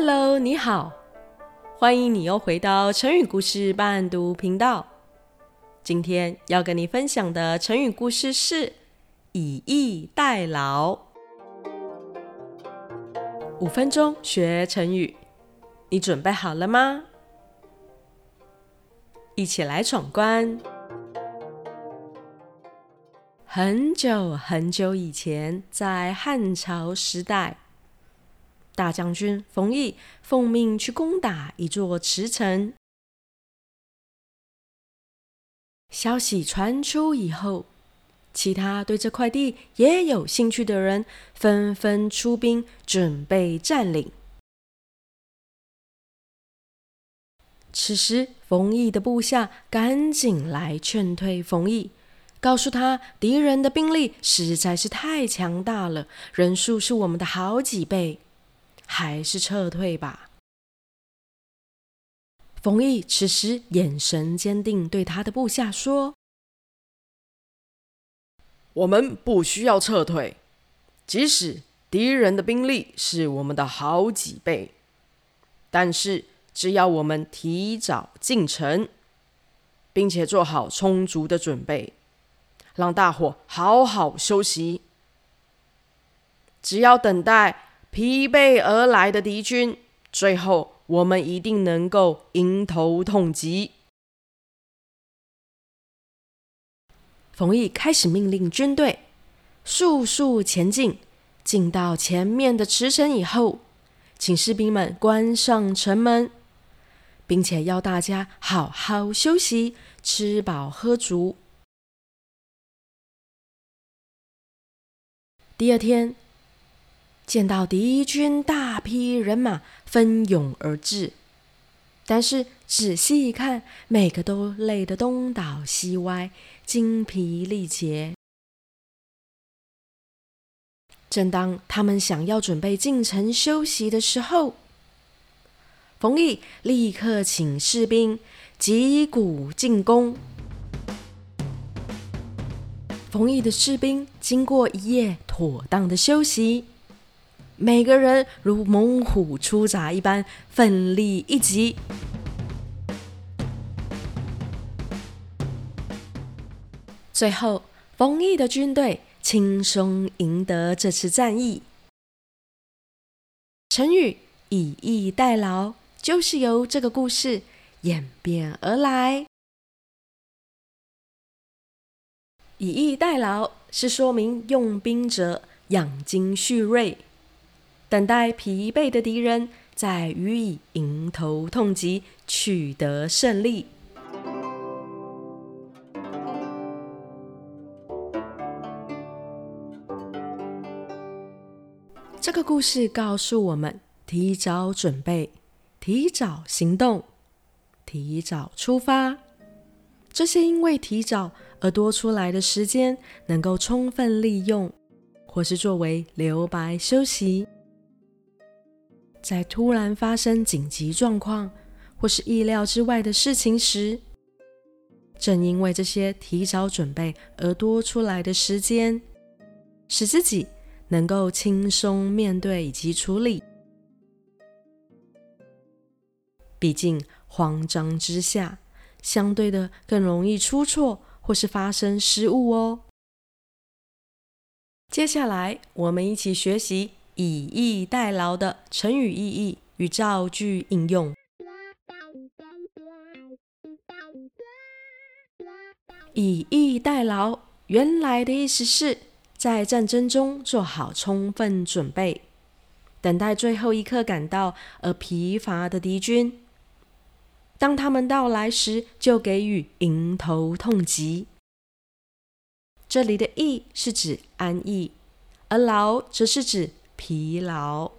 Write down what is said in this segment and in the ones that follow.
Hello，你好，歡迎你又回到成語故事伴讀頻道。今天要跟你分享的成語故事是“以逸待勞”。五分鐘學成語，你準備好了嗎？一起來闖關。很久很久以前，在漢朝時代。大將軍馮異奉命去攻打一座池城。消息傳出以後，其他對這塊地也有興趣的人紛紛出兵準備佔領。此時，馮異的部下趕緊來勸退馮異，告訴他敵人的兵力實在是太強大了，人數是我們的好幾倍。還是撤退吧。馮毅此時眼神堅定，對他的部下說：“我們不需要撤退，即使敵人的兵力是我們的好幾倍，但是只要我們提早進城，並且做好充足的準備，讓大伙好好休息，只要等待。”疲憊而來的敵軍，最後我們一定能夠迎頭痛擊。馮異開始命令軍隊速速前進，進到前面的池城以後，請士兵們關上城門，並且要大家好好休息，吃飽喝足。第二天。見到敵軍大批人馬蜂擁而至，但是仔細一看，每個都累得東倒西歪，精疲力竭。正當他們想要準備進城休息的時候，馮異立刻請士兵擊鼓進攻。馮異的士兵經過一夜妥當的休息。每個人如猛虎出閘一般奮力一擊，最後馮異的軍隊輕鬆贏得這次戰役。成語“以逸待勞”就是由這個故事演變而來。“以逸待勞”是說明用兵者養精蓄銳，等待疲憊的敵人，再予以迎頭痛擊，取得勝利。這個故事告訴我們：提早準備、提早行動、提早出發，這些因為提早而多出來的時間，能夠充分利用，或是作為留白休息。在突然發生緊急狀況或是意料之外的事情時，正因為這些提早準備而多出來的時間，使自己能夠輕鬆面對以及處理。畢竟慌張之下，相對的更容易出錯或是發生失誤哦。接下來我們一起學習。以逸待勞的成語意義與造句應用。以逸待勞原來的意思是在戰爭中做好充分準備，等待最後一刻趕到而疲乏的敵軍，當他們到來時就給予迎頭痛擊。這裡的逸是指安逸，而勞則是指。疲勞，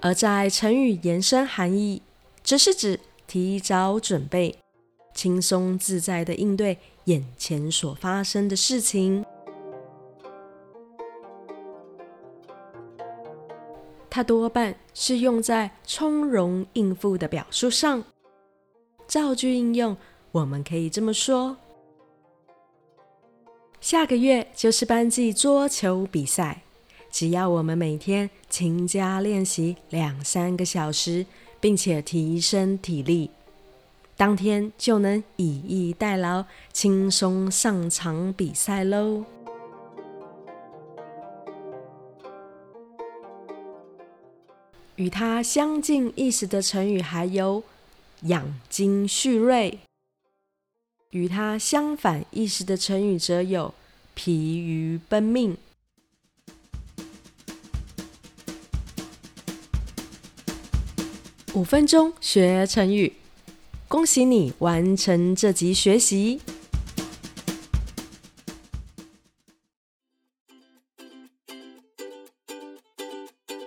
而在成語延伸含義，則是指提早準備、輕鬆自在的應對眼前所發生的事情。它多半是用在從容應付的表述上。造句應用，我們可以這麼說。下個月就是班際桌球比賽，只要我們每天勤加練習兩三個小時，並且提升體力，當天就能以逸待勞，輕鬆上場比賽嘍。與它相近意思的成語還有“養精蓄銳”。與它相反意思的成語則有“疲於奔命”。五分鐘學成語，恭喜你完成這集學習。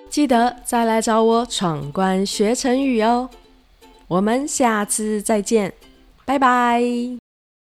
記得再來找我闖關學成語哦！我們下次再見，拜拜。